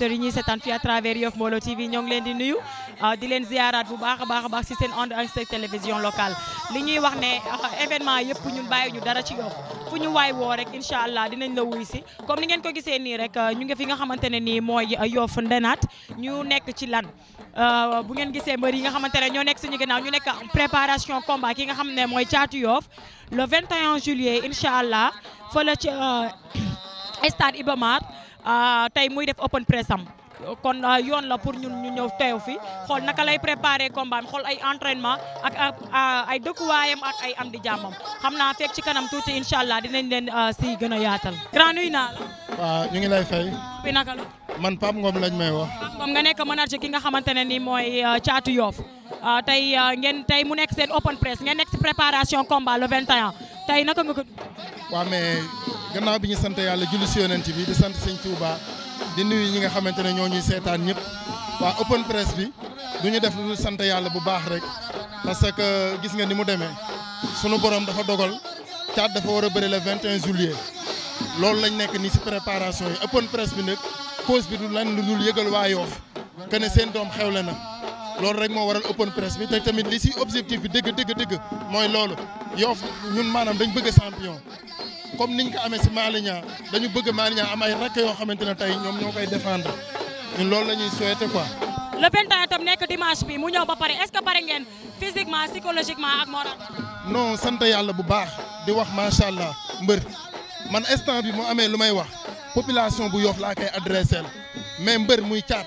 téléspectateurs yi ñuy seetaan fii à travers Yoff Mbollo TV ñoo ngi leen di nuyu ah, di leen ziaraat bu baax baax baax si seen onde ak télévision locale li ñuy wax ne ah, événement yëpp ñun bàyyi ñu dara ci Yoff fu ñu waay woo rek incha allah dinañ la wuy si comme ni ngeen ko gisee nii rek ah, ñu ngi fi nga xamante ne nii mooy Yoff ndenaat ñu nekk ci lan bu ngeen gisee mbër yi nga xamante ne ñoo nekk suñu ginnaaw ñu nekk préparation combat ki nga xam ne mooy caatu Yoff le 21 juillet incha allah fële ci stade Iba Mar Euh, tey muy def open press am kon euh, yoon la pour ñun ñu ñëw teew fi xool naka lay préparer combat xool ay entraînement ak euh, ay dëkkuwaayam ak ay am di jàmmam xam naa fekk ci kanam tuuti incha allah dinañ leen si gën a yaatal. grand nuyu naa la. waaw ñu ngi lay fay. bi naka la. man Pape Ngom lañ may wax. Pape Ngom nga nekk manager ki nga xamante ne nii mooy caatu yoof tey ngeen tey mu nekk seen open press ngeen nekk si préparation combat le 21. tey naka nga ko dund. mais gannaaw bi ñu sant yàlla julli si yonent bi di sant sëñ Touba di nuyu ñi nga xamante ne ñoo ñuy seetaan ñëpp waa open press bi du ñu def lu sant yàlla bu baax rek parce que gis nga ni mu demee sunu borom dafa dogal caat dafa war a bëri le 21 juillet loolu lañ nekk nii si préparation yi open press bi nag pause bi du lan lu dul yëgal waa Yoff que ne seen doom xewle na. loolu rek moo waral open press bi te tamit li si objectif bi dëgg dëgg dëgg mooy loolu Yoff ñun maanaam dañ bëgg champion comme niñ ko amee si Maliña dañu bëgg Maliña am ay rakk yoo xamante ne tey ñoom ñoo koy défendre ñun loolu la ñuy souhaiter quoi. le 21 tam nekk dimanche bi mu ñëw ba pare est-ce que pare ngeen physiquement psychologiquement ak moral. non sant yàlla bu baax di wax macha allah mbër man instant bi mu amee lu may wax population bu Yoff laa koy adressé mais mbër muy caat.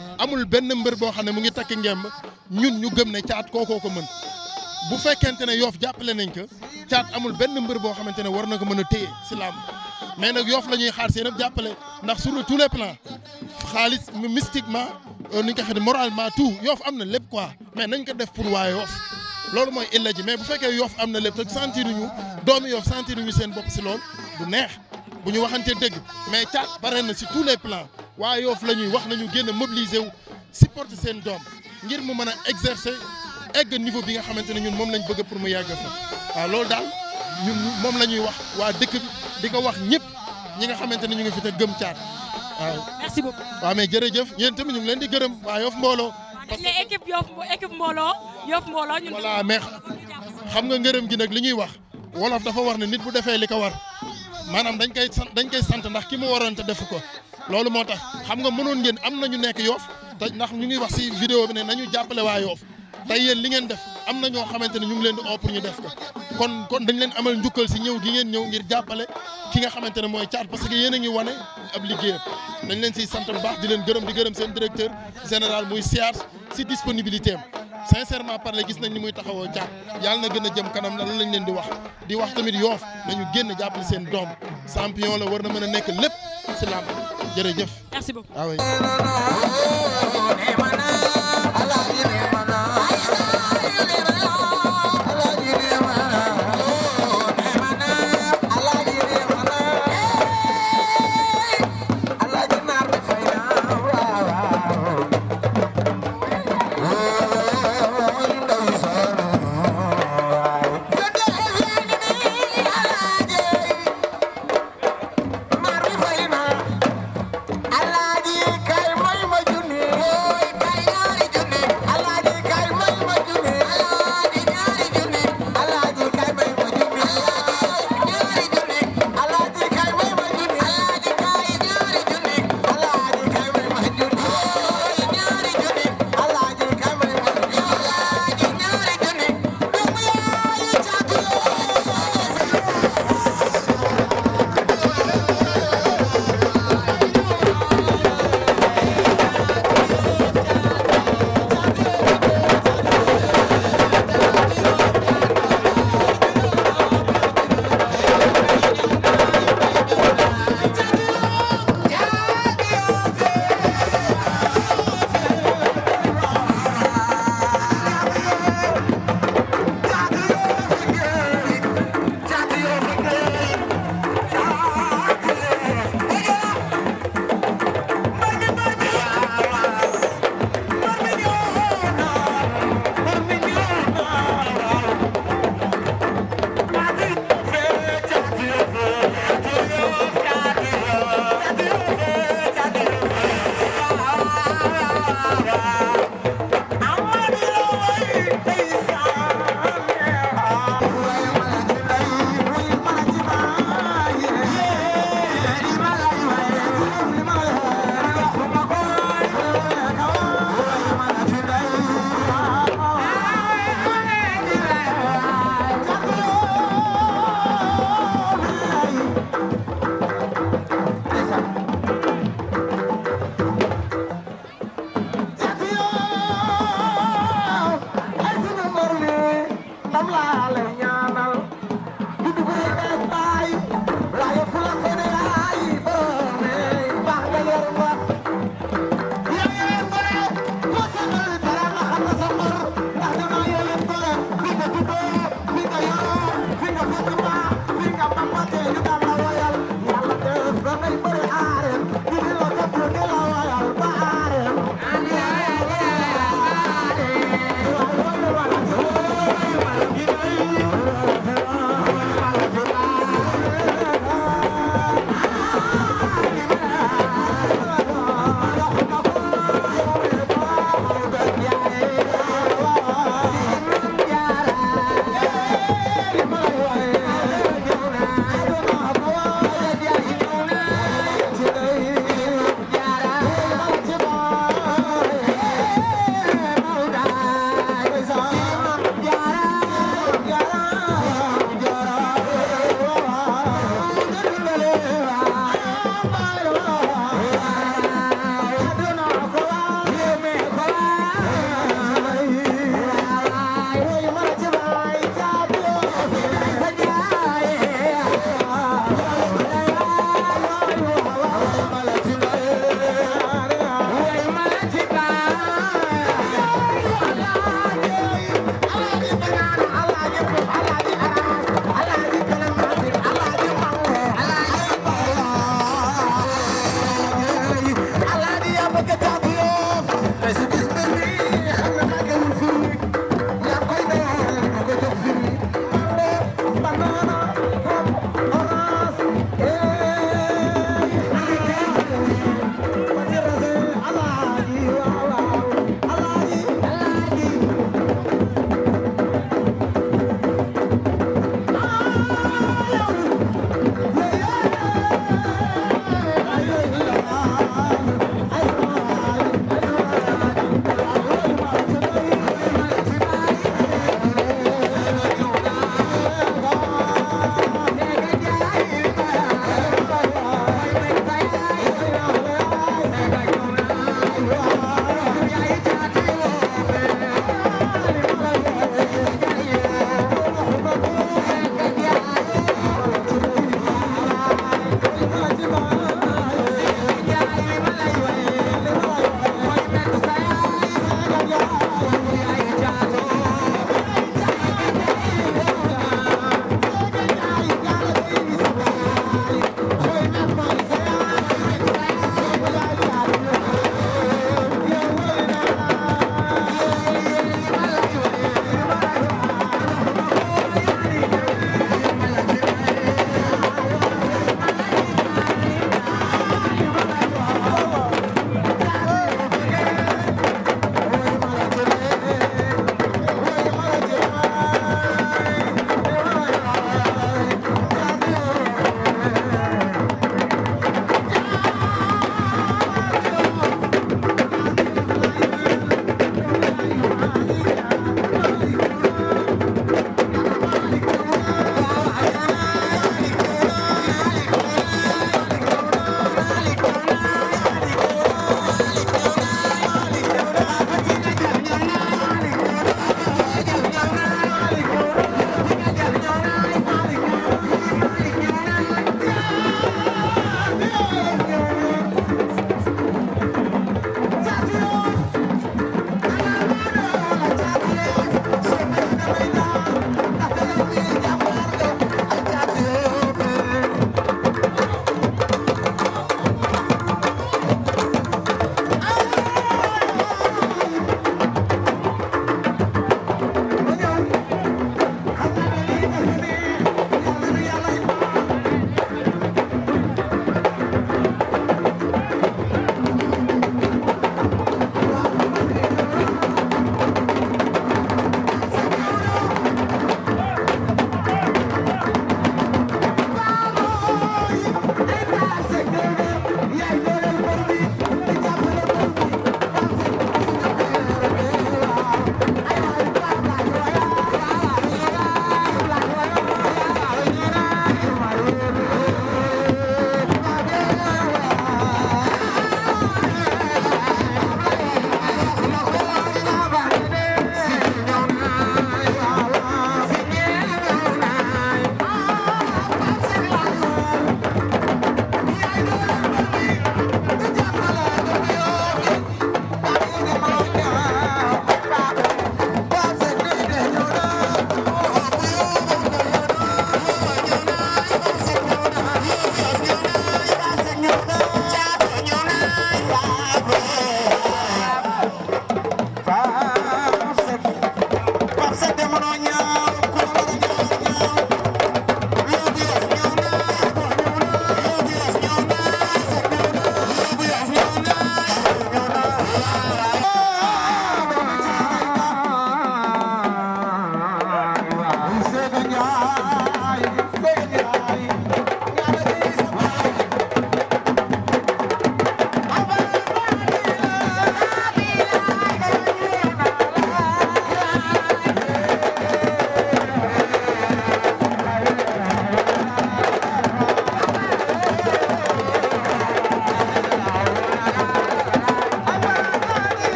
amul benn mbër boo xam ne mu ngi takk ngemb ñun ñu gëm ne caat koo ko mën bu fekkente ne yoof jàppale nañ ko caat amul benn mbër boo xamante ne war na ko mën a téye si làmb mais nag yoof la ñuy xaar seen jàppale ndax sur tous les plans xaalis mystiquement euh, ni ñu ko moralement tout yoof am na lépp quoi mais nañ ko def pour waa yoof loolu mooy illa ji mais bu fekkee yoof am na lépp te sentiruñu doomu yoof sentiruñu seen bopp si lool du neex bu ñu waxante dëgg mais caat bare na si tous les plans waa Yoff la ñuy wax nañu génn a mobiliser wu supporter seen doom ngir mu mën a exercer egg niveau bi nga xamante ne ñun moom lañ bëgg pour mu yàgg fa waaw loolu daal moom la ñuy wax waa dëkk bi di ko wax ñëpp ñi nga xamante ne ñu ngi fi te gëm caat waaw. merci beaucoup waaw mais jërëjëf yéen tamit leen di gërëm waa Yoff mbooloo. parce que équipe Yoff équipe mbooloo Yoff mais xam nga ngërëm gi nag li ñuy wax wolof dafa war ne nit bu defee li ko war maanaam dañ koy dañ koy sant ndax ki mu waroon te defu ko loolu moo tax xam nga mënoon ngeen am na ñu nekk yoof te ndax ñu ngi wax si vidéo bi ne nañu jàppale waa yoof tey yéen li ngeen def am na ñoo xamante ne ñu ngi leen di oo ñu def ko kon kon dañ leen amal njukkal si ñëw gi ngeen ñëw ngir jàppale ki nga xamante ne mooy caat parce que yéen a ngi wane ab liggéeyam dañ leen si sant bu baax di leen gërëm di gërëm seen directeur général muy siyaar si disponibilité am sincèrement parler gis nañ ni muy taxawoo caat yàlla na gën a jëm kanam na lu lañ leen di wax di wax tamit yoof nañu génn jàppale seen doom champion la war na mën a nekk lépp si làmb jërëjëf merci beaucoup ah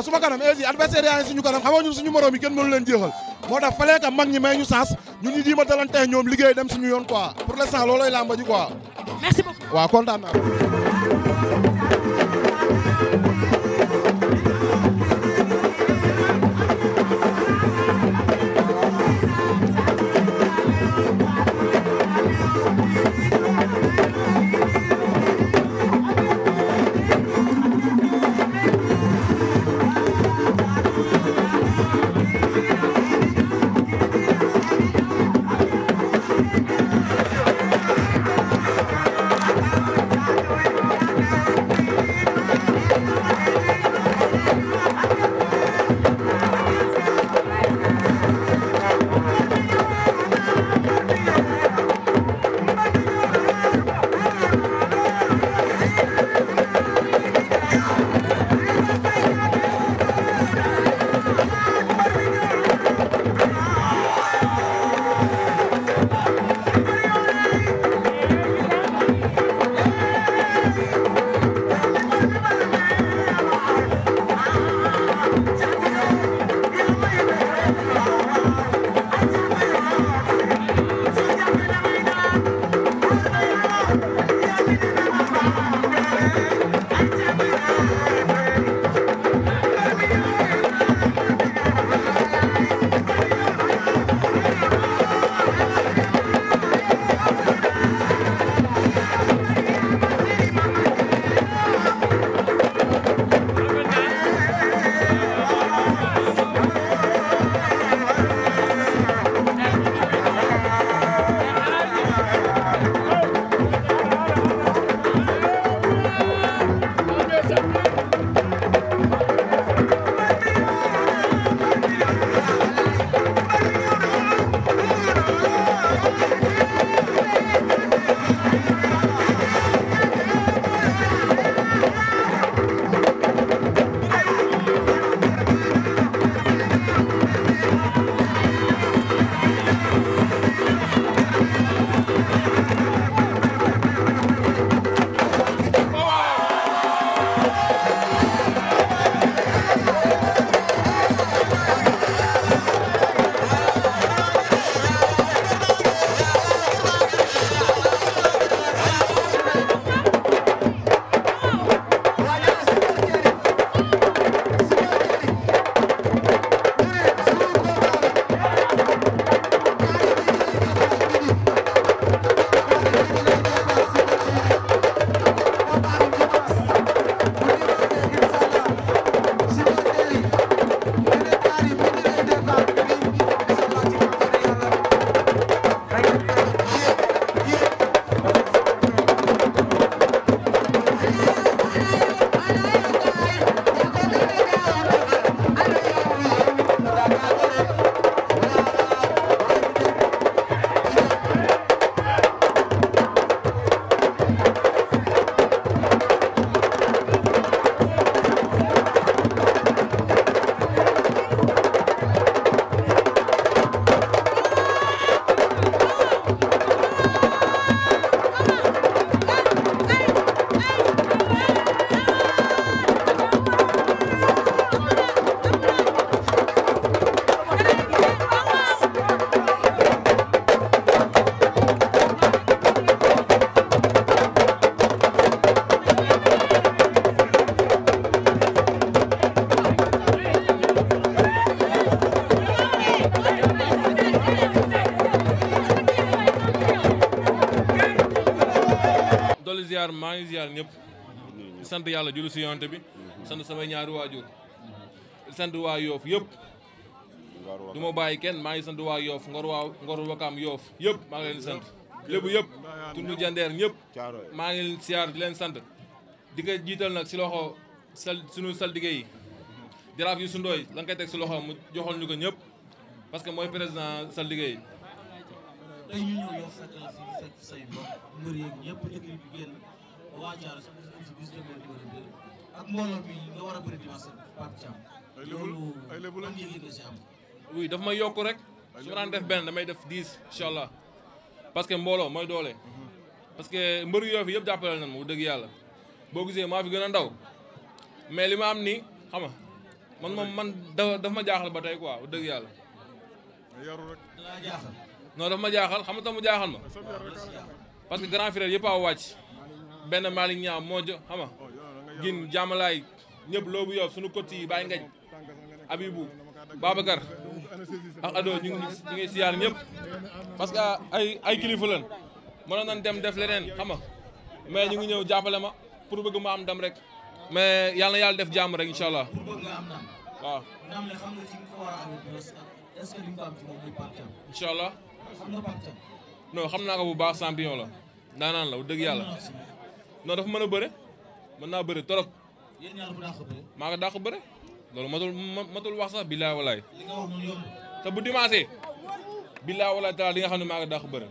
waaw su ma kanam aussi adversaire yaa ngi suñu kanam xam nga ñun suñu morom yi kenn mënu leen jeexal moo tax falee ka mag ñi may ñu saas ñun ñu diima dalantee ñoom liggéey dem suñu yoon quoi pour l'instant loolooy làmba ji quoi merci beaucoup waaw kontaan naa ziar maa ngi sant yàlla julli si yonte bi sant samay sant waa yoof yëpp kenn maa ngi sant waa yoof ngor maa ngi leen di sant lébu yëpp ñëpp maa ngi sant di ko jiital si loxo sal sunu saldige yi jaraaf yu sundooy la nga koy teg si loxo mu joxoon ñu ko ñëpp parce que mooy président saldige yi waa Thiaroye sax a bëri yokk rek. su ma daan def benn damay def 10 incha allah parce que mbooloo mooy doole. Mhm. parce que mbëru yoo fi yëpp jàppale nan ma bu dëgg yàlla boo gisee maa fi gën a ndaw mais li ma am ni xam man moom man da daf ma jaaxal ba tey quoi bu dëgg yàlla. yaru rek. ma jaaxal xam nga tax mu jaaxal ma. parce que grand frère a wàcc. benn maal Niang moo jo xam nga oh, gin jàmmalaay ñëpp loobu yow suñu côté yi bàyyi ngañ Abibou Babacar ak Ado ñu ngi ñu ngi siyaar ñëpp parce que ay ay kilifa lañ mënoon dem def leneen xam nga mais ñu ngi ñëw jàppale ma pour bëgg ma am dam rek mais yàlla na yàlla def jàmm rek incha allah waaw. incha allah non xam naa ko bu baax champion la daanaan la bu dëgg yàlla. non dafa mën a bëre mën naa bëre trop. maa ko dàq bëre loolu matul matul wax sax billaay walaay. te bu dimanche. billaay walaay taala li nga xam ne maa ko dàq bëre.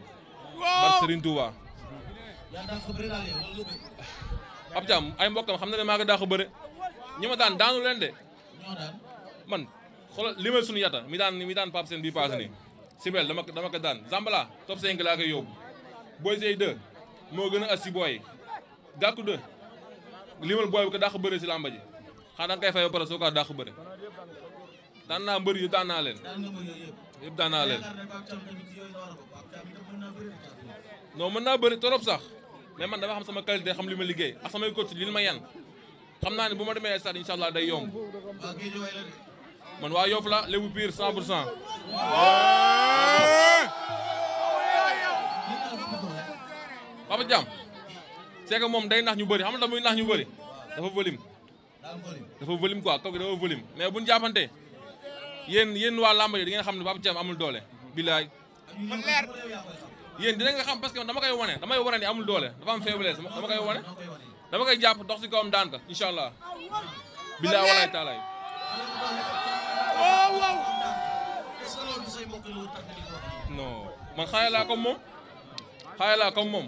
waaw Barke Serigne Touba. yaa dàq ab tam ay mbokkam xam na ne maa ko dàq bëre ñi daan daanu leen de. man xoolal li may suñu yata mi daan mi daan Pape bii paase nii. Sibel dama ko daan Zambala top 5 laa koy yóbbu. Boy Seye 2 moo gën a as si booy gàkku de limal booy bu ko dàq bëre si làmba ji xanaa da fay ba soo ko dàq bëre daan naa mbër yi daan naa leen yëpp daan naa leen non mën naa bëri trop sax mais man dama xam sama qualité xam li ma liggéey ak samay coach li ma yan xam naa ne bu ma demee stade incha allah day yomb man waa Yoff la Lébu Pire 100 pour cent Papa Diam c'est moom day nax ñu bëri xam na dafa nax ñu bëri dafa volume dafa volume quoi kaw gi dafa volume mais buñu jàppante yéen yéen waa làmb yi di xam ne Papa Thiam amul doole bilaay leer yéen dina nga xam parce dama kay wane damay wane ni amul doole dafa am faiblesse dama koy wane dama koy jàpp dox si kawam am ka incha allah bilaay walaay taalaay waaw waaw man xaayalaa moom xaayalaa moom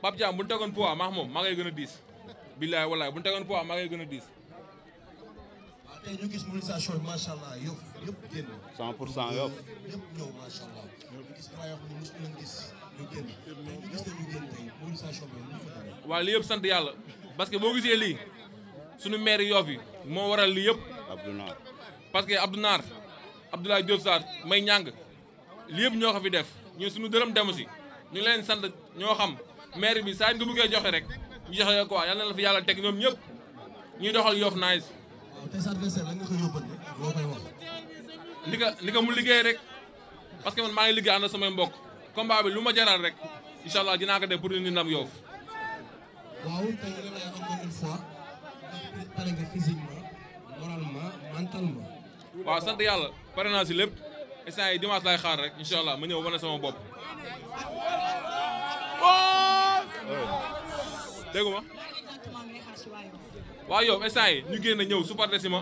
Pape Thiam bu tegoon poids maax moom maa ngay gën a diis billaay wallaay bu ñu tegoon gën a diis. waaw tey ñu gis pour cent yëpp bi ñu yëpp sant yàlla parce que boo gisee lii suñu maire Yoff yi moo waral lii yëpp. Abdou Naar parce que Abdou Naar Abdoulaye may ñàng lii yëpp ñoo ko fi def ñun suñu dërëm demu si ñu leen sant ñoo xam. maire bi saa yu mu koy joxe rek ñu ko quoi yal la fi yàlla teg ñoom ñëpp ñuy doxal Yoff nice. waaw tey nga li nga mu liggéey rek parce que man maa ngi liggéey ànd ak samay mbokk combat lu ma jaral rek incha allah dinaa ko def pour indi ndam Yoff. waaw tey sant yàlla pare naa si lépp instant yi dimanche laay xaar rek incha ma ñëw wane sama bopp. dégg nga waaw yow instant yi ñu génn ñëw supporter si ma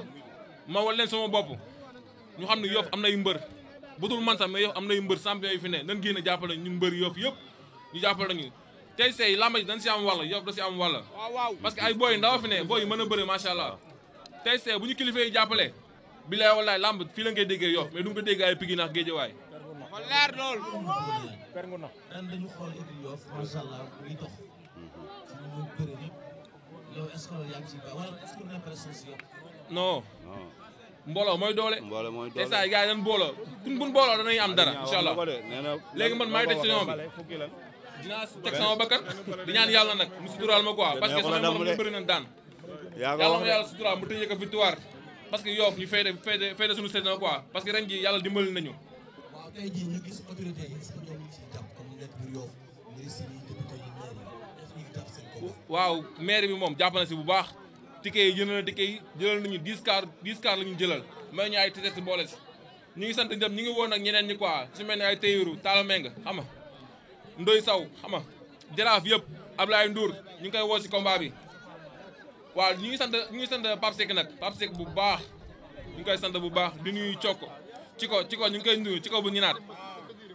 ma wal leen sama bopp ñu xam ne Yoff am na nay mbër bu dul man sax mais am na mbër champion yi fi ne nan génn jàppale ñu mbër Yoff yëpp ñu jàppale ñu tey sey lamba ji dañ si am wàll Yoff da si am wàll parce que ay booy ndaw fi ne booy mën a bëre macha allah tey sey bu ñu kilifa yi jàppale bilaay wallaay lamb fii la ngay déggee Yoff mais du nga ko déggee ay pigi naax géejawaay leer lool per ngu na dañ dañu doon bëri mooy doole. mbooloo mooy doole saa yi gars yi dañu booloo buñ buñ booloo danañ am dara incha allah léegi man maa ngi teg si ñoom dinaa teg sama bakkan di ñaan yàlla nag mu suturaal ma quoi parce que sama morom ñu bëri nañ daan. yàlla na yàlla suturaal mu tëjee ko victoire parce que ñu fay de fay de fay de suñu ren jii yàlla dimbali nañu. waaw tey jii ñu gis autorité yi est-ce que ñoom ñu ciy jàpp comme nekk biir waaw maire bi moom jàpp si bu baax ticket yi jënd na ticket yi jëlal nañu dix car dix car la ñu jëlal may ñu ay ticket boole si ñu ngi sant ñëpp ñu ngi woon ak ñeneen ñi quoi su mel ne ay Tayiru Taalamenga xam nga Ndoy Saw xam nga jaraaf yëpp Ablaye Ndour ñu ngi koy woo si combat bi waaw ñu ngi sant ñu ngi sant Pape Seck nag Pape Seck bu baax ñu ngi koy sant bu baax di nuyu Cokko ci ko ci ko ñu ngi koy nuyu ci ko bu ñu naat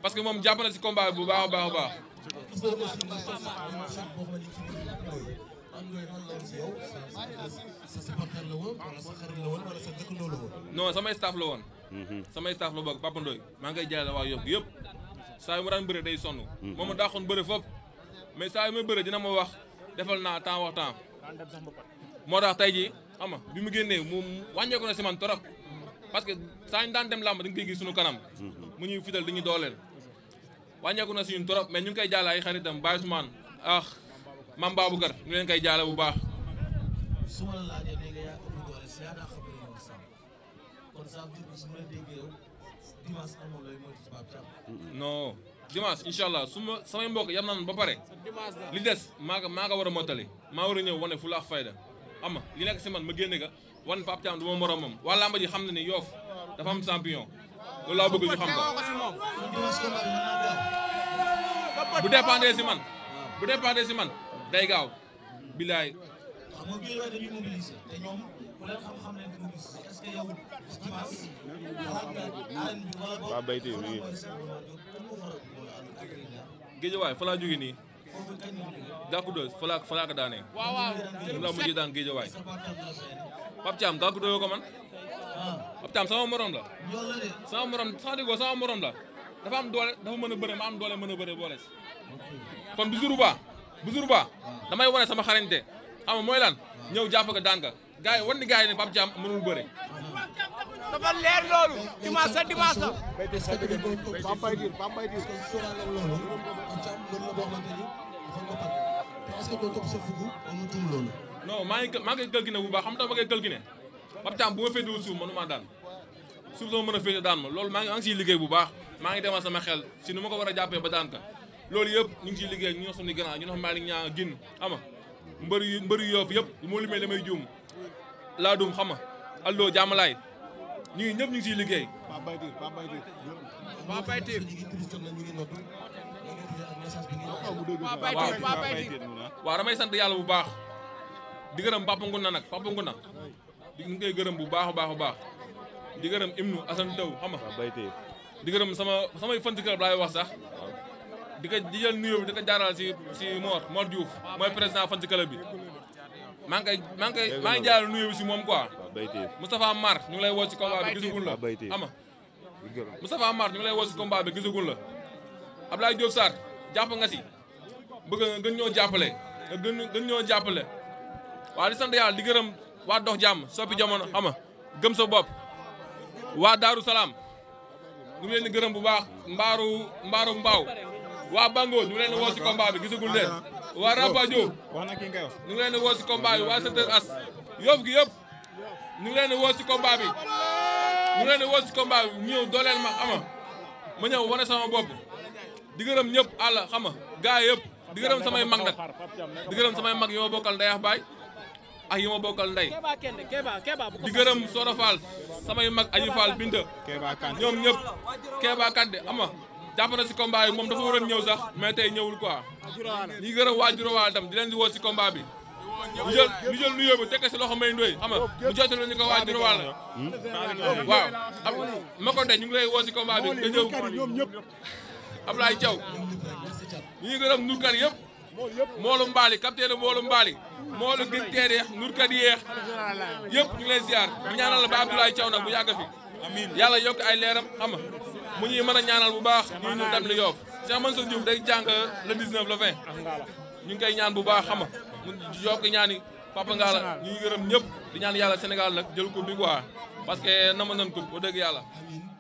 parce que moom si combat bi bu baax baax baax. boo ko am Ndoye noonu sama woon la woon sama sa xarit la woon wala maa ngi jaay la waa Yoff yëpp saa yu ma daan bëre day sonn. moom ma daaxoon bëre foofu mais saa yu may bëre dina ma wax defal naa temps wax temps moo tax tey ji xam nga bi mu génnee mu wàññeeku na man trop parce que saa ñu daan dem làmb dañ koy gis suñu kanam. mu ñuy fital dañuy dooleel. wàññeeku na suñu trop mais ñu ngi koy jaale ay xaritam Baye Ousmane ah Mame Baboucar ñu leen koy jaale bu baax. su su ma la samay mbokk yam naan ba pare li des maa ko maa ko war a mottali maa war a ñëw wane fulla ak fayda ama li nekk si man ma génne ka wan Pape Thiam du ma moromam waa làmba xam na ni yoof dafa am champion. loolu laa bëgg ñu xam ko bu dépendre si man bu dépendre si man day gaaw bilaay moo ngi yooyu dañuy mobiliser te waay fa laa jógee nii gàkku doy fa laa daanee waaw waaw la mujjee daan gàkku doyoo ko man Papis sama morom la. sama morom sax di sama morom la dafa am doole dafa mën a bëre ma am doole mën a bëre boole si. kon bu jour ba bu damay wane sama xarañte xam nga mooy lan ñëw jàpp ga daan ka gars yi wan ni gars yi ne Pape Thiam mënul bëre. dafa leer loolu dimanche sa dimanche sa. Bambay diir maa ngi maa ngi koy gël xam nga ma koy gël Pape Thiam bu ma féetewul suuf mënuma daan suuf sama mën a féete daan ma loolu maa ngi maa ngi siy liggéey bu baax maa ngi demal sama xel si nu ma ko war a jàppee ba daan ka loolu yëpp ñu ngi siy liggéey ñu nga xam ne grand ñu nga xam Malick ñaa gin xama mbër yu mbër yu yoof yëpp moo limee damay juum laa dum xama allo jàmmalaay ñu ngi ñëpp ñu ngi siy liggéey waa baytir waaw damay sant yàlla bu baax di gërëm Papa na nag Papa na di ngi koy gërëm bu baax a baax baax di gërëm imnu asan taw xam nga di gërëm sama sama fan club lay wax sax di ko di jël nuyoo di ko jaaral ci ci mort mort Diouf moy président fan club bi mang kay mang kay mang koy maa ci mom quoi bi si moom Mar ñu ngi lay woo ci combat bi gisugul la xam nga Moustapha Mar ñu ngi lay woo ci combat bi gisugul la Abdoulaye diouf sar japp nga ci bëgg nga gën ñoo jappalé gën gën ñoo jappalé wa di sant yalla di gërëm waa dox jàmm soppi jamono xam nga sa bopp waa daaru salaam ñu ngi leen gërëm bu baax mbaaru mbaaru mbaaw waa bango ñu ngi leen di woo si combat bi gisagul leen waa rapadio ñu ngi leen di woo si combat bi waa secteur as yóbbu gi yëpp ñu ngi woo si combat bi ñu ngi leen di woo si combat bi ñëw ma xama ma ñëw wane sama bopp di gërëm ñëpp àll xama gaa yëpp di gërëm samay mag nag di gërëm samay mag yoo bokkal ndayax baay a yi ma bokkal ndey di gërëm Soro Fall samay mag Aji Fall Binta ñoom ñëpp Kéba Kande ama jàpp si combat moom dafa waroon ñëw sax mais tey ñëwul quoi ñi gërëm waa Juróowaal tam di leen di woo si combat bi ñu jël ñu jël nuyoo bi tekk si loxo may ndoy xam ñu ko waa Juróowaal la waaw ma ko ñu ngi woo si combat bi nga ñëw Ablaye Thiaw ñu ngi gërëm moolu mbaali capitaine moolu mbaali moolu gën teer yeex nurkat yëpp ñu ngi lay ñaanal la ba Abdoulaye Thiaw nag bu yàgg fi amiin yàlla yokk ay leeram ama mu ñuy mën a ñaanal bu baax ñuy ñu dem li yoof Cheikh Mansour Diouf day jàng le 19 le 20 ñu ngi koy ñaan bu baax xama mu yokk ñaani papa Ngalla ñu ngi gërëm ñëpp di ñaan yàlla Sénégal nag jël coupe bi quoi parce que nama nan coupe ba dëgg yàlla